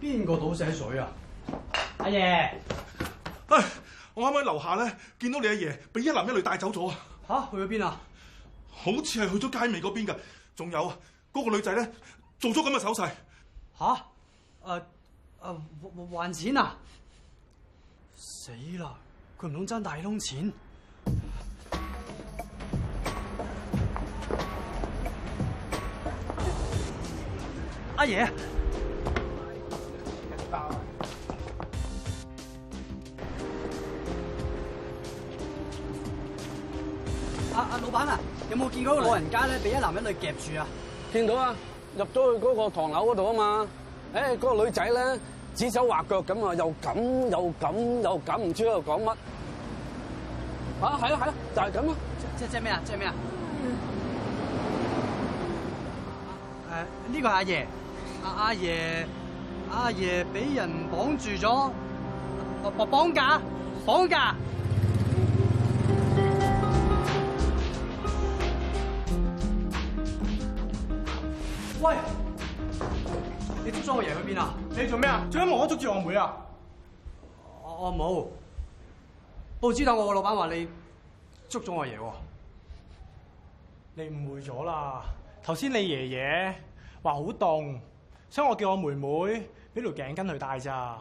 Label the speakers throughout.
Speaker 1: 邊個倒瀉水啊？阿爺，唉，我啱啱喺樓下咧見到你阿爺俾一男一女帶走咗。吓？去咗邊啊？啊好似係去咗街尾嗰邊噶，仲有嗰、嗰個女仔咧做咗咁嘅手勢，吓、啊，誒、啊、誒、啊啊、還錢啊！死
Speaker 2: 啦，佢唔通爭大窿錢？阿爺、啊。爺阿老闆啊，有冇見到老人家咧？俾一男一女夾住啊！見到啊，入咗去嗰個唐樓嗰度啊嘛。誒，嗰個女仔咧，指手畫腳咁啊，又咁又咁又咁，唔知喺度講乜。啊，係咯係咯，就係咁咯。即係咩啊？即係
Speaker 3: 咩
Speaker 2: 啊？誒，呢個係阿爺，阿阿爺阿爺俾人綁住咗，綁綁架綁架。
Speaker 1: 喂，你捉咗我爺去邊啊？你做咩啊？仲想我捉住我妹啊？
Speaker 2: 我我冇。
Speaker 1: 報紙頭我個老闆話你捉咗我爺喎。你誤會咗啦。頭先你爺爺話好凍，所以我叫我妹妹俾條頸巾佢戴咋。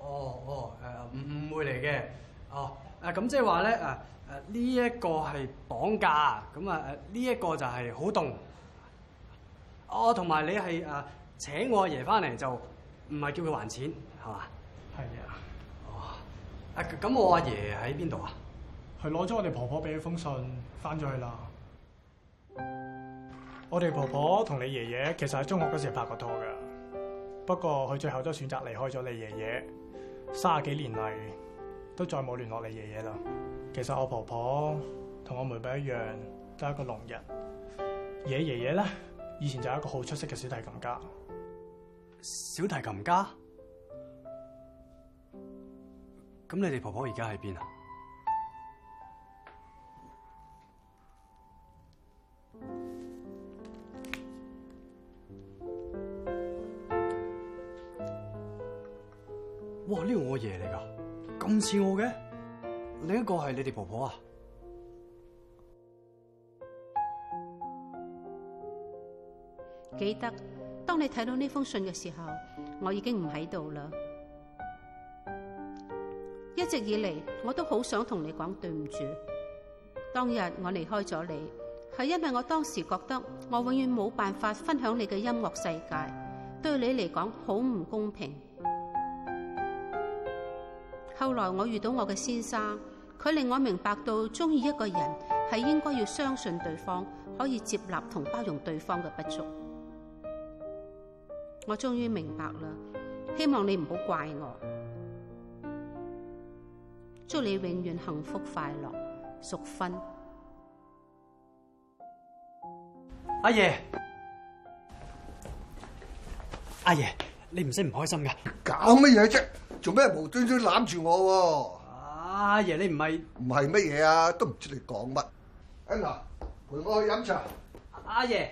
Speaker 2: 哦哦，誒誤誤會嚟嘅。哦，誒咁即係話咧，誒誒呢一個係綁架，咁啊誒呢一個就係好凍。哦，同埋你係誒、呃、請我阿爺翻嚟，就唔係叫佢還錢，係嘛？係啊的。
Speaker 1: 哦。啊，咁我阿爺喺邊度啊？佢攞咗我哋婆婆俾嘅封信翻咗去啦。我哋婆婆同你爺爺其實喺中學嗰時拍過拖㗎，不過佢最後都選擇離開咗你爺爺。三十幾年嚟都再冇聯絡你爺爺啦。其實我婆婆同我妹妹一樣，都係一個聾人。爺爺爺咧？以前就係一個好出色嘅小提琴家。小提琴家？咁
Speaker 2: 你哋婆婆而家喺邊啊？哇！呢個我爺嚟噶，咁似我嘅。另一個係你哋婆婆啊？
Speaker 3: 記得當你睇到呢封信嘅時候，我已經唔喺度啦。一直以嚟，我都好想同你講對唔住。當日我離開咗你，係因為我當時覺得我永遠冇辦法分享你嘅音樂世界，對你嚟講好唔公平。後來我遇到我嘅先生，佢令我明白到，鍾意一個人係應該要相信對方可以接納同包容對方嘅不足。我終於明白啦，希望你唔好怪我。祝你永遠幸福快樂，淑芬。
Speaker 2: 阿爺，阿爺，你唔使唔開心噶，搞乜嘢啫？做咩無端端攬住我？阿爺，你唔係唔係乜嘢啊？都唔知你講乜。a n 陪我去飲茶。阿爺。